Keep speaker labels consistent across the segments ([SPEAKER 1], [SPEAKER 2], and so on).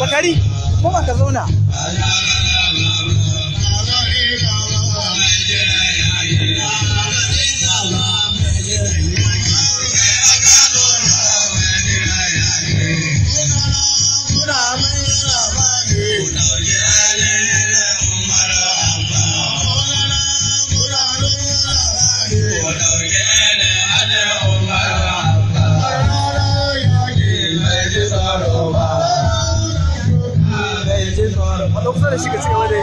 [SPEAKER 1] Bakari, kuma ka zauna. 足口が悪い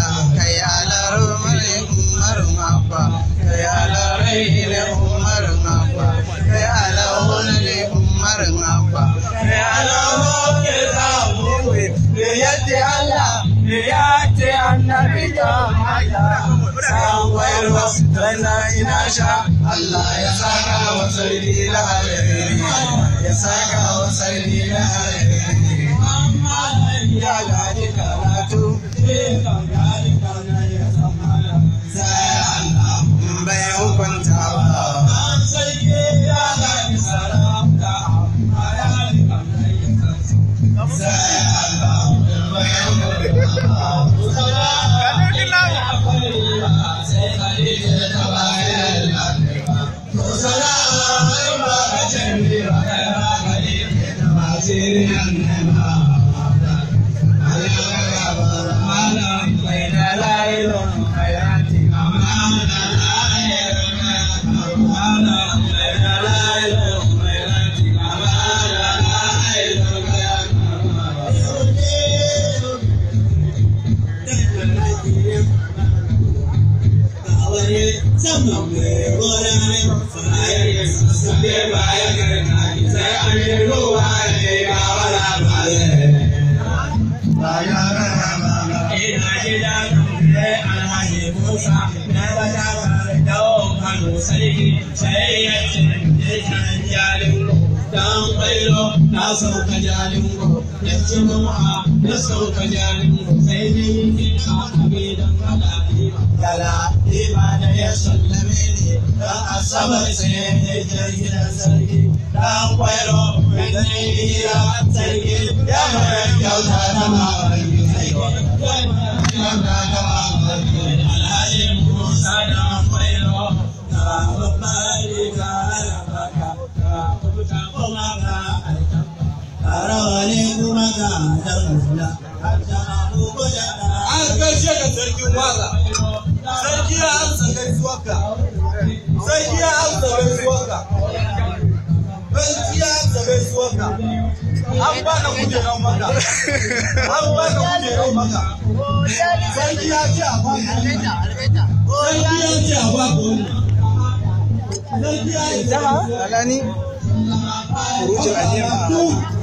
[SPEAKER 1] samuwar wasu ranna ina sha Allah ya saka wa sarki na alheri ya saka wa sarki na alheri ya gani karatu bai hukunta ba Sai Allah, Yeah. sarki sai ya ce ya dan kwairo na sauka jalingo na sauka jalingo sai dan kala ɗiba kala ne dan asabar sai ya yi kwairo ya ne yi ya sarki ya yi ya an gaishe ka sarkin waza sarki ya amsa gaisuwarka sarki ya amsa gaisuwarka sarki ya amsa gaisuwarka an baka kujerar maka an baka kujerar maka sarki ya ce a baka sarki ya ce a baka wani sarki ya ce a baka wani alani